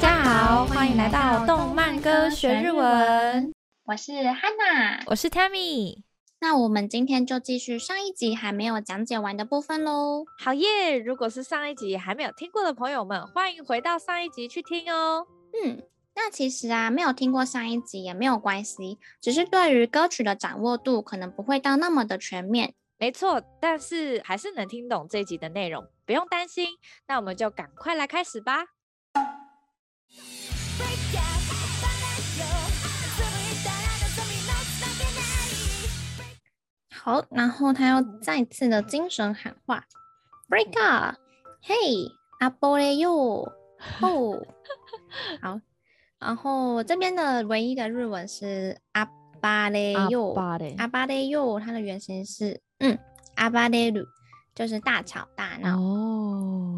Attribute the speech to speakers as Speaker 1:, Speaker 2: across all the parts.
Speaker 1: 大家好，歡迎來到動漫歌學日文。我是 Hana，我是 Tammy。那我們今天就繼續上一集還沒有講解完的部分嘍。好耶！如果是上一集還沒有聽過的朋友們，歡迎回到
Speaker 2: 上一集去聽哦。嗯，
Speaker 1: 那其實啊，沒有聽過上一集也沒有關係，只是對於歌曲的掌握度可能不會到那麼的全面。沒錯，
Speaker 2: 但是還是能聽懂這一集的內容，不用擔心。那我們就趕快來開始吧。
Speaker 1: 好，然後他要再次的精神喊話，Break up，嘿，阿巴雷又，哦，好，然後這邊的唯一的日文是阿巴雷又，阿巴雷又，它的原型是嗯，阿巴雷魯，就是大吵大鬧。Oh.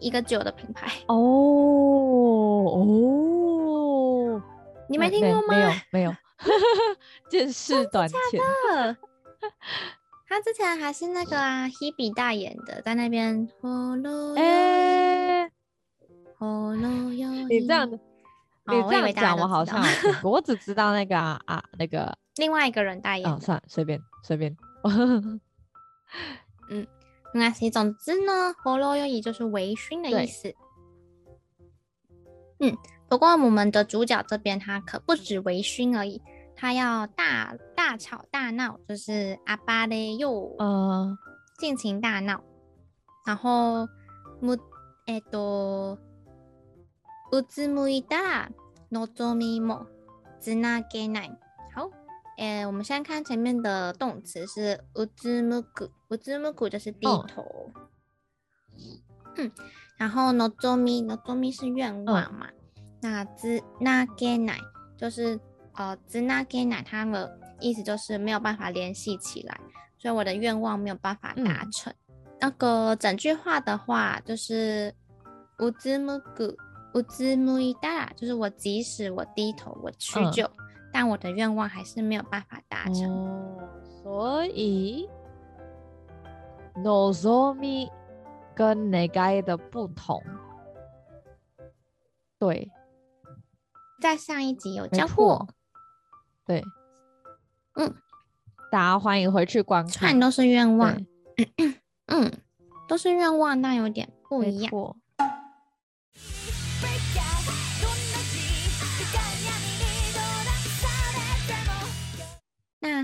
Speaker 1: 一個酒的品
Speaker 2: 牌哦哦，oh, oh, oh,
Speaker 1: 你沒聽過嗎？沒有沒有，沒有 真是短淺。假的， 他之前還是那個 Hebe 代言的，在那邊。哎、欸，你這樣子，你這樣講，我好像
Speaker 2: 我只知道那個啊 啊，那個
Speaker 1: 另外一個人代言。啊、哦、算
Speaker 2: 了隨便隨便，便
Speaker 1: 嗯。那是一種字呢，ほろよい就是微醺的意思。嗯，不過我們的主角這邊他可不止微醺而已，他要大大吵大鬧，就是暴れよ呃盡情大鬧。然後，むえっとうつむいたのぞみもつなげない。哎、欸，我們先看前面的動詞是烏茲木古，烏茲木古就是低頭。哼、oh. 嗯，然後呢，諾佐米諾佐米是願望嘛？Oh. 那茲那給奶就是呃茲那給奶，他們意思就是沒有辦法聯繫起來，所以我的願望沒有辦法達成。Oh. 那個整句話的話就是烏茲木古烏茲木伊達拉，就是我即使我低頭，我屈就。Oh. 但我的願望還是沒有辦法達
Speaker 2: 成，嗯，所以 Nozomi 跟 Negai 的不同，對，在上一集有交過，對，嗯，
Speaker 1: 大家歡迎回去觀看，都是願望，嗯 嗯，都是願望，那有點不一樣。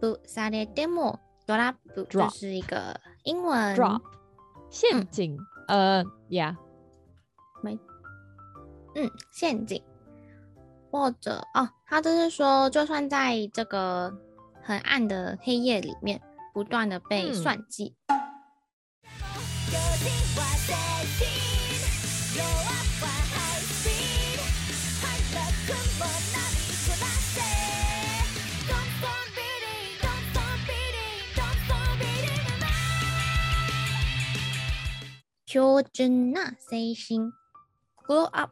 Speaker 1: 不，撒列點多拉不，這是一個
Speaker 3: 英文 Drop，
Speaker 1: 陷阱。呃、嗯，呀、uh, yeah.，沒，嗯，陷阱或者哦，他就是說，就算在這個很暗的黑夜裡面，不斷的被算計。嗯
Speaker 3: 嗯
Speaker 1: Q 真那誰星 grow up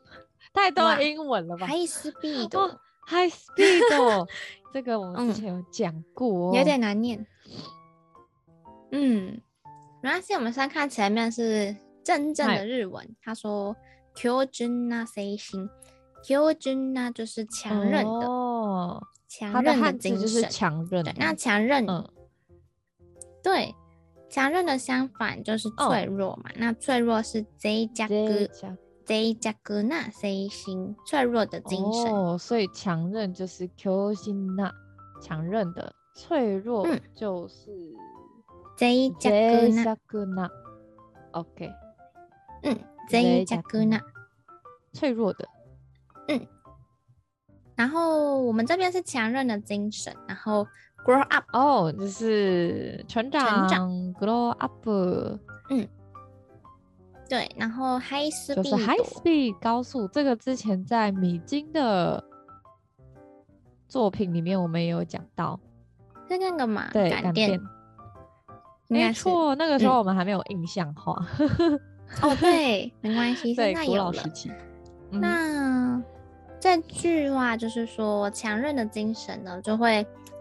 Speaker 1: 太多英
Speaker 2: 文了吧 wow？High speed 高、
Speaker 1: oh, High speed 這個我之前有講過、哦，有點難念。嗯，沒關係，我們先看前面是真正的日文。他說強靭な精神強靭な就是強韌的，強韌的精神。就是 oh, 精神就是那強韌，嗯，對。強韌的相反就是脆弱嘛，哦、那脆弱是 Z 加 G，Z 加 G，那 C 星，脆弱的精神，
Speaker 2: 哦，所以強韌就是 Q 星那，強韌的，脆弱就是 Z 加 G 那，OK，嗯
Speaker 1: ，Z 加 G 那，脆弱的，嗯，然後我們這邊是強韌的精神，然後。Grow up 哦，
Speaker 2: 就是成長，成長。Grow up，嗯，對。然後 high speed，就是 high speed 高速。高速這個之前在米津的作品裡面，我們也有講到。在幹嘛？對，改變。沒錯、欸嗯，那個時候我們還沒有印象化。 哦，
Speaker 1: 對，沒關係，對，現在有了，古老時期。嗯、那這句話就是說，強韌的精神呢，就會。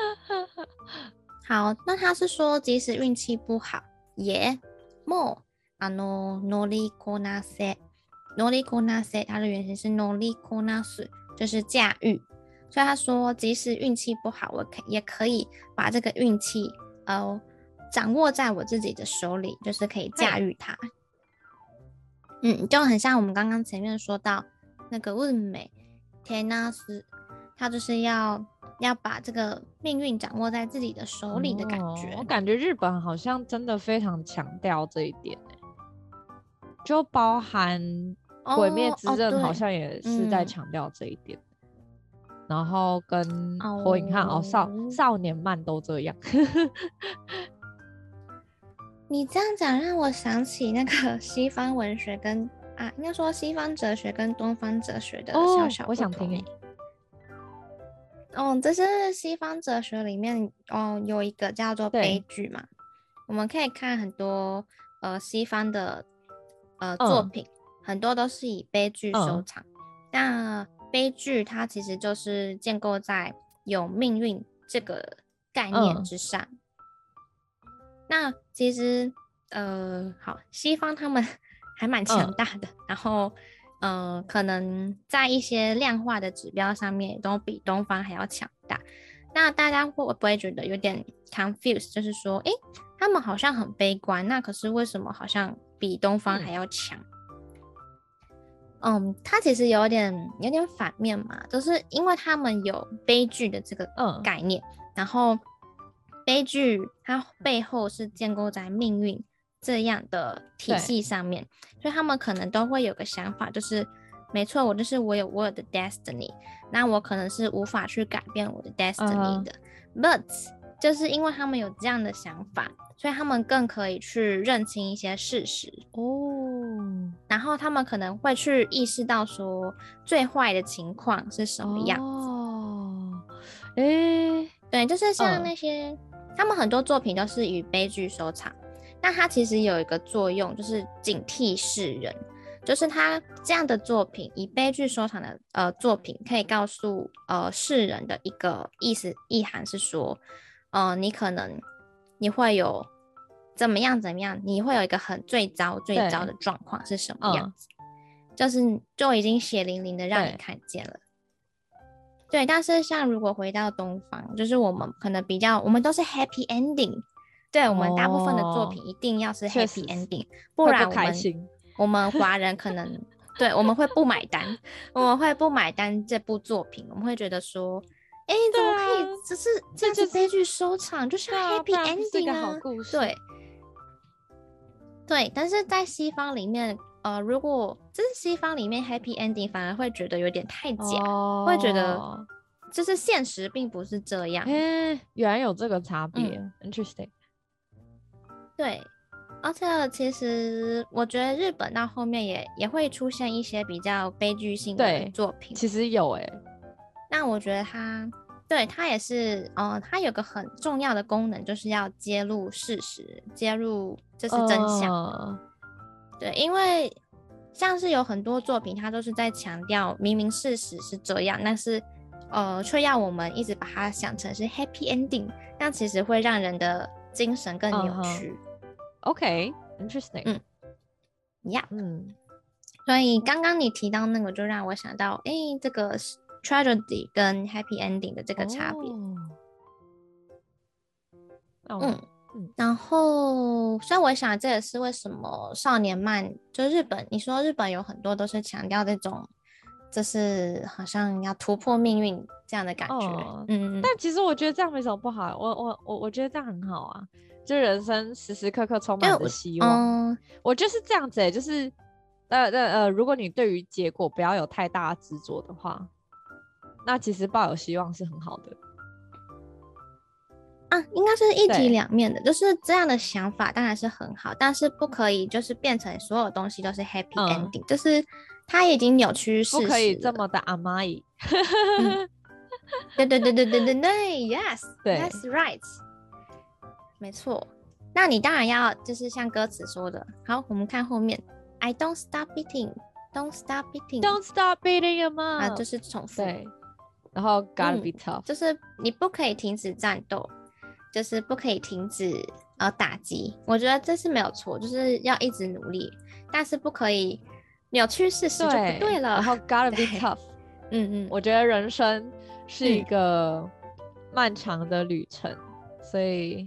Speaker 1: 好，那他是說，即使運氣不好，也もう、あの乗りこなせ、乗りこなせ，它的原型是乗りこなす，就是駕馭。所以他說，即使運氣不好，我也可以把這個運氣，呃，掌握在我自己的手裡，就是可以駕馭它。 嗯，就很像我們剛剛前面說到那個運命，他就是要。要把這個命運掌握在自己的手裡的感覺。哦，我
Speaker 2: 感覺日本好像真的非常強調這一點。欸，哎，就包含
Speaker 3: 《鬼滅之刃》好像也是在強
Speaker 2: 調這一點，哦哦嗯、然後跟
Speaker 3: 《火影》看《哦，
Speaker 2: 少少年漫》都這樣。
Speaker 1: 你這樣講讓我想起那個西方文學跟啊，應該說西方哲學跟東方哲學的小小、欸哦、我想聽你。哦，這是西方哲學裡面哦，有一個叫做悲劇嘛，我們可以看很多呃西方的呃、oh. 作品，很多都是以悲劇收場。那、oh. 悲劇它其實就是建構在有命運這個概念之上。Oh. 那其實呃，好，西方他們還蠻強大的，oh. 然後。呃，可能在一些量化的指標上面，都比東方還要強大。那大家會不會覺得有點 confuse 就是說，誒、欸，他們好像很悲觀，那可是為什麼好像比東方還要強？嗯，他、嗯、其實有點有點反面嘛，都、就是因為他們有悲劇的這個概念，嗯、然後悲劇它背後是建構在命運。這樣的體系上面，所以他們可能都會有個想法，就是，沒錯，我就是我有我有的 destiny，那我可能是無法去改變我的 destiny 的。Oh. But 就是因為他們有這樣的想法，所以他們更可以去認清一些事實哦。Oh. 然後他們可能會去意識到說，最壞的情況是什麼樣哦。哎、
Speaker 3: oh.
Speaker 1: 欸，對，就是像那些，oh. 他們很多作品都是以悲劇收場。那它其實有一個作用，就是警惕世人，就是他這樣的作品以悲劇收場的呃作品，可以告訴呃世人的一個意思意涵是說，呃你可能你會有怎麼樣怎麼樣，你會有一個很最糟最糟的狀況是什麼樣子，哦，就是就已經血淋淋的讓你看見了對。對，但是像如果回到東方，就是我們可能比較我們都是 happy ending。對，我們大部分的作品一定要是 happy ending，不、哦、然我們開心，我們華人可能 對我們會不買單， 我們會不買單這部作品，我們會覺得說，哎，怎麼可以只是這就悲劇收場，這就像、是就是、happy 啊 ending 啊？啊好故事對對，但是在西方裡面，呃，如果就是西方裡面 happy ending，反而會覺得有點太假，哦、會覺得就是現實並不是這樣。
Speaker 2: 原來有這個差別、嗯、，interesting。
Speaker 1: 對，而且、哦、其實我覺得日本到後面也也會出現一些比較悲劇性的作品。其實有誒、欸，那我覺得它對它也是呃，它有個很重要的功能，就是要揭露事實，揭露這是真相。Uh... 對，因為像是有很多作品，它都是在強調明明事實是這樣，但是呃，卻要我們一直把它想成是 happy ending，那其實會讓人的精神更扭曲。Uh-huh. Okay, interesting. 嗯，呀、yeah，嗯，所以剛剛你提到那個，就讓我想到，誒、欸，這個 tragedy 跟 happy ending 的這個差別。哦。哦。嗯。嗯。然後，雖然我想這也是為什麼少年漫就日本，你說日本有很多都是強調這種，就是好像要突破命運
Speaker 2: 這樣的感覺。哦。嗯。但其實我覺得這樣沒什麼不好啊，我我我我覺得這樣很好啊。就人生時時刻刻充滿着希望，我就是這樣子，就是呃呃呃，如果你對於結果不要有太大執着的話，那其實抱有希望是很好的。
Speaker 1: 啊，應該是一體兩面的，就是這樣的想法當然是很好，但是不可以就是變成所有東西都是 happy ending，就是它已經扭曲事實，不可以這麼的甘い，對對對對對對對，yes，that's right。沒錯，那你當然要，就是像歌詞說的。好，我們看後面，I don't stop beating, don't stop beating, don't stop beating you 嘛啊，就是重複。對。然後 gotta be tough，、嗯、就是你不可以停止戰鬥，就是不可以停止呃、啊、打擊。我覺得這是沒有錯，就是要一直努力，但是不可以
Speaker 2: 扭曲事實就不對了。對，然後 gotta be tough。嗯嗯，我覺得人生是一個漫長的旅程，嗯、所以。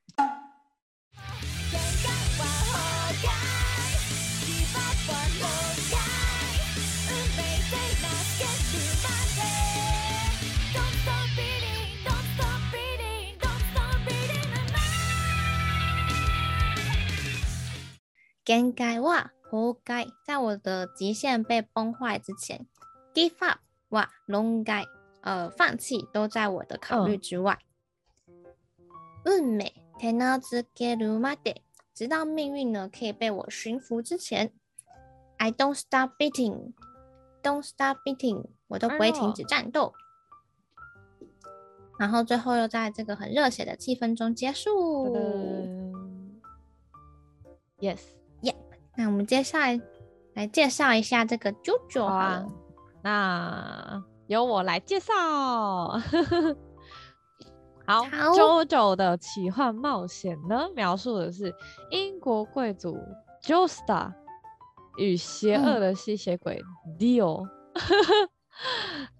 Speaker 1: 應該哇，崩壞！在我的極限被崩壞之前，give up 哇，論外呃放棄都在我的考慮之外。嗯、oh.，運命手懐けるまで，直到命運呢可以被我馴服之前，I don't stop beating，don't stop beating，我都不會停止戰鬥。Oh. 然後最後又在這個很熱血的氣氛中結束。Uh, yes。那我們接下來來介紹一下這個 JoJo 啊，那由我
Speaker 2: 來介紹。 好，好，JoJo 的奇幻冒險呢，描述的是英國貴族 Joestar 與邪惡的吸血鬼 Dio 哦、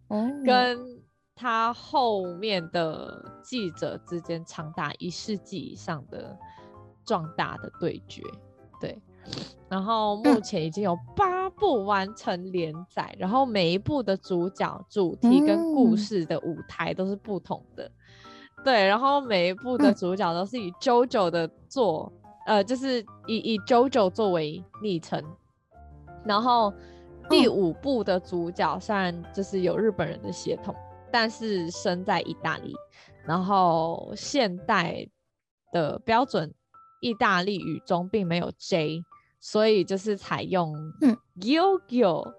Speaker 2: 嗯、 跟他後面的記者之間長達一世紀以上的壯大的對決。然後目前已經有八部完成連載，嗯、然後每一部的主角、主題跟故事的舞台都是不同的。對，然後每一部的主角都是以 JoJo 的作，呃，就是以以 JoJo 作為昵稱。然後第五部的主角雖然就是有日本人的血統，但是生在意大利，然後現代的標準意大利語中並沒有 J。所以就是採用 Gio Gio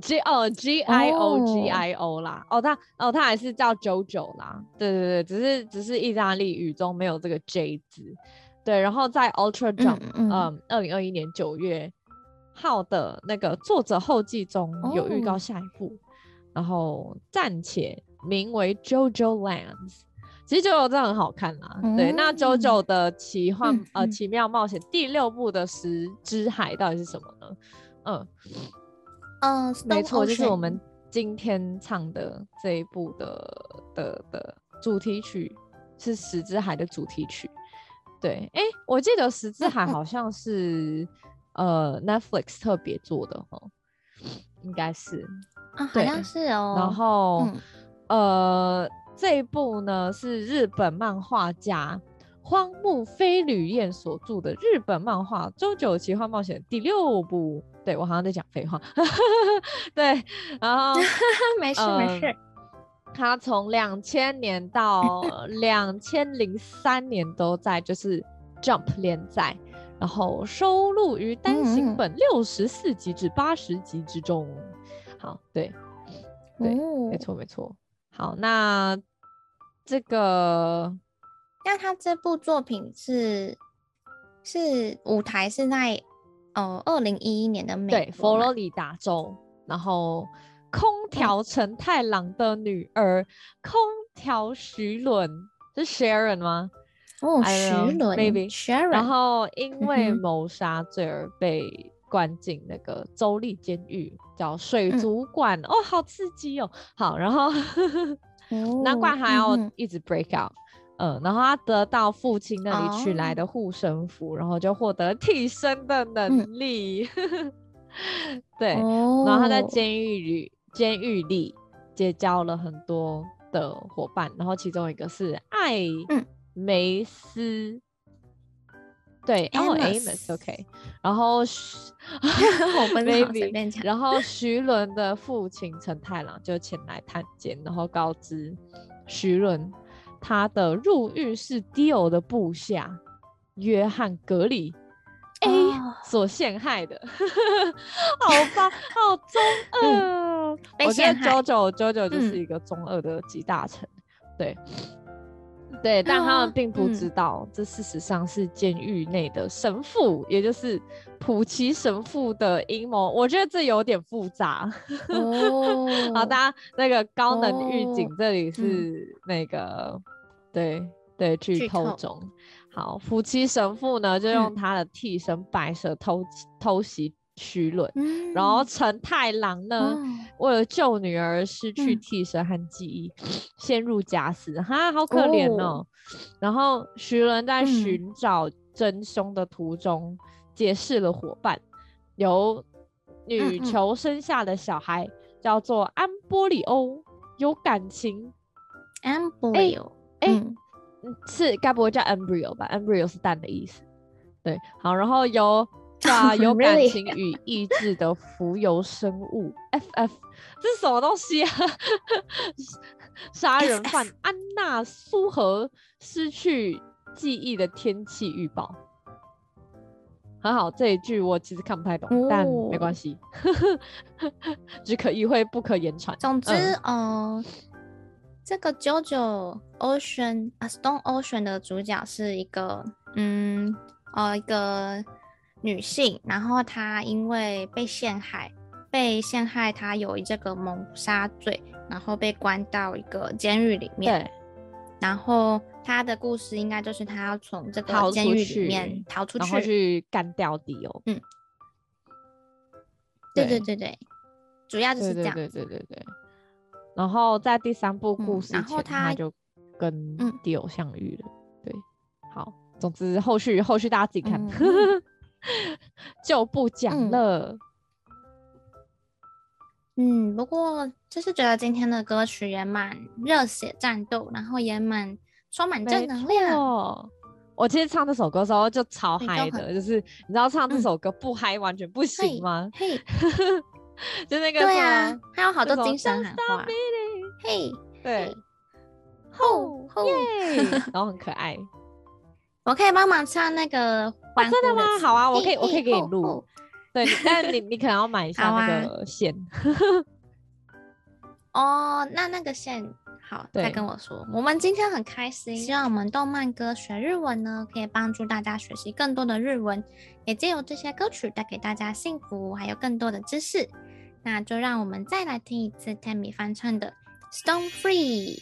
Speaker 2: G O G I O G I O、oh、啦，哦他哦他還是叫 JoJo 啦，對對對，只是只是意大利語中沒有這個 J 字，對，然後在 Ultra Jump 嗯二零二一年九月號的那個作者後記中有預告下一部，oh、然後暫且名為 JoJo Lands。其實 JoJo 真的很好看啦，嗯、對。那 JoJo 的奇幻、嗯、呃奇妙冒險、嗯嗯、第六部的《石之海》到底是什麼呢？嗯、呃、嗯、呃，沒錯、嗯，就是我們今天唱的這一部的、嗯、的的，的主題曲是《石之海》的主題曲。對，哎、欸，我記得《石之海》好像是、嗯嗯、呃 Netflix 特別做的哦，應該是啊，好像是哦。然後、嗯、呃。這一部呢，是日本漫畫家荒木飛呂彥所著的日本漫畫《JoJo 奇幻冒險》第六部。對，我好像在講廢話。 對，然後 沒事、呃、沒事。他從兩千年到兩千零三年都在 就是 Jump 連載，然後收錄於單行本六十四集至八十集之中、嗯。好，對，對，嗯、沒錯沒錯。好，那。這個，那他
Speaker 1: 這部作品是是，舞台是在哦，
Speaker 2: 二零一一年的美，對，佛羅里達州，然後空條承太郎的女兒、嗯、空條徐倫是 Sharon 嗎？
Speaker 3: 哦，I don't know, 徐倫 maybe Sharon，然後因為
Speaker 2: 謀殺罪而被關進那個州立監獄、嗯，叫水族館、嗯、哦，好刺激哦，好，然後。呵 呵難怪還要一直 break out、哦、嗯，嗯，嗯，嗯，然後他得到父親那裡取來的護身符，哦、然後就獲得替身的能力。嗯、呵呵對、哦，然後他在監獄裡，監獄裡結交了很多的夥伴，然後其中一個是艾梅斯。嗯對，然後、oh, Amos OK，然後
Speaker 3: Baby， 我分手 然後
Speaker 2: 徐倫的父親承太郎就前來探監，然後告知徐倫，他的入獄是迪歐的部下約翰格裡、oh. 所陷害的。 好吧， 好中二、嗯。我覺得 JoJo JoJo 就是一個中二的集大成、嗯，對。對，但他們並不知道，這事實上是監獄內的神父、哦嗯，也就是普奇神父的陰謀。我覺得這有點複雜。哦、 好的，大家那個高能預警，這裡是那個，對、哦嗯、對，劇透中、劇透。好，普奇神父呢就用他的替身白蛇偷、嗯、偷襲徐倫，然後承太郎呢。哦為了救女兒，失去替身和記憶，嗯、陷入假死，哈，好可憐哦。哦然後徐倫在尋找真凶的途中，嗯、結識了夥伴，由
Speaker 3: 女囚
Speaker 2: 生下的小孩嗯嗯叫做安波里歐，有感情。安波里歐哎，是該不會叫 embryo 吧，嗯嗯、是該不會叫 embryo 吧，嗯、是蛋的意思。對，好，然後有。對啊， 有感情與意志的浮游生物，FF 這是什麼東西啊？殺 人犯安娜蘇和失去記憶的天氣預報，很好。這一句我其實看不太懂，嗯、但沒關係， 只可意會，不可言傳。總之，嗯，
Speaker 1: 呃、這個《JoJo Ocean》啊，《Stone Ocean》的主角是一個，
Speaker 3: 嗯，
Speaker 1: 呃、哦，一個。女性，然後她因為被陷害，被陷害她有這個謀殺罪，然後被關到一個監獄裡面。對。然後她的故事應該就是她要從這個監獄裡面逃出去，逃出去，去
Speaker 2: 干掉迪歐。嗯，對
Speaker 1: 對對對，對主要就是這樣。對對對，對對
Speaker 2: 對對。然後在第三部故事前、嗯、然後他，他就跟迪歐相遇了。嗯、對，好，總之後續後續大家自己看。嗯就不講了嗯。嗯，不過就是覺得今天
Speaker 1: 的歌曲也蠻熱血戰鬥，然後也蠻充滿正能
Speaker 3: 量。
Speaker 2: 我其實唱這首歌的時候就超嗨的就，就是你知道唱這首歌不嗨完全不行嗎？嘿、嗯， 就那個對啊，還有好多精神喊話，嘿，對，吼吼，然後很可愛。
Speaker 1: 我可以幫忙唱那個
Speaker 3: 黃色的嗎？好啊，我可以，我可以給你錄。
Speaker 1: 對，但你你
Speaker 2: 可能要買一下那個線。
Speaker 1: 哦 好、啊， oh, 那那個線好，再跟我說。我們今天很開心，希望我們動漫歌學日文呢，可以幫助大家學習更多的日文，也借由這些歌曲帶給大家幸福，還有更多的知識。那就讓我們再來聽一次 Tammy 翻唱的
Speaker 3: 《Stone Free》。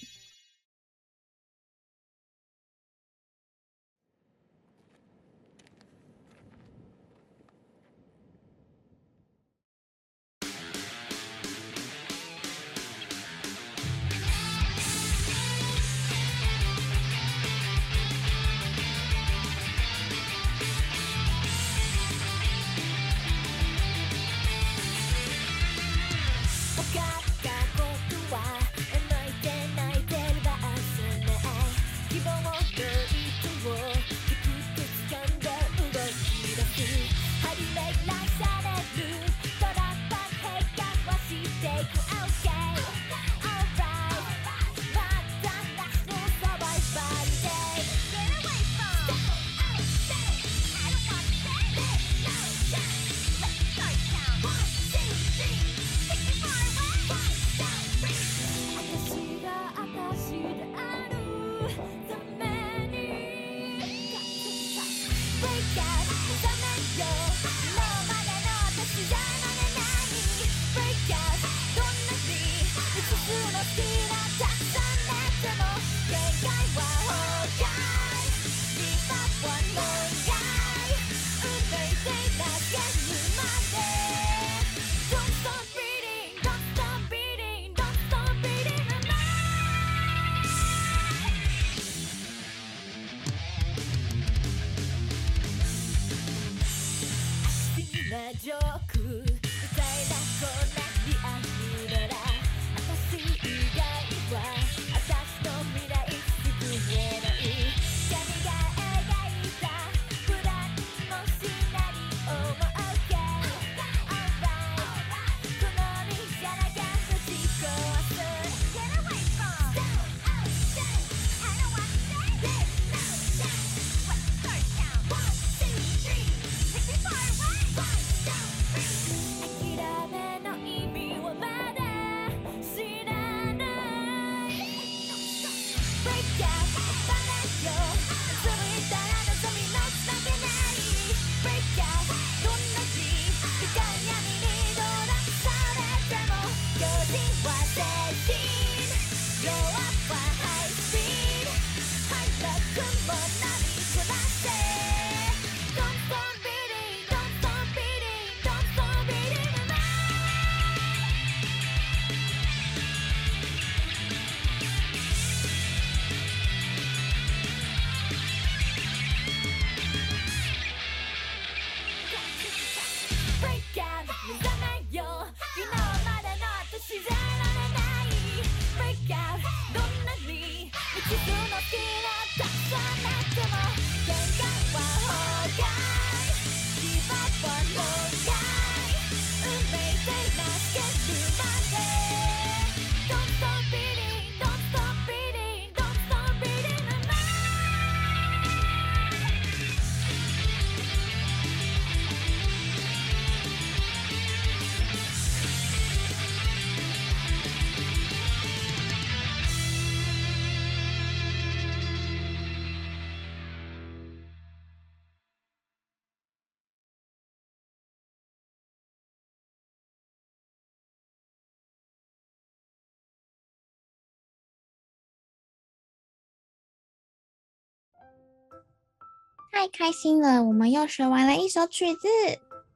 Speaker 3: 太開心了，我們又學完了一首曲子。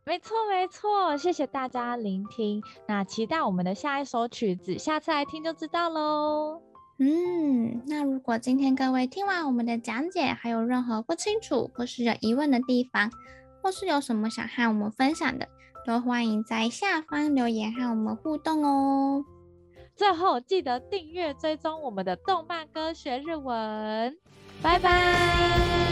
Speaker 3: 沒錯沒
Speaker 2: 錯，謝謝大家聆聽。那期待我們的下一首曲子，下次來聽就知
Speaker 1: 道嘍。嗯，那如果今天各位聽完我們的講解，還有任何不清楚、或是有疑問的地方，或是有什麼想和我們分享的，都歡迎在下方留言和我們互動哦。最後記得
Speaker 2: 訂閱追蹤我們的動漫歌學日文，拜拜。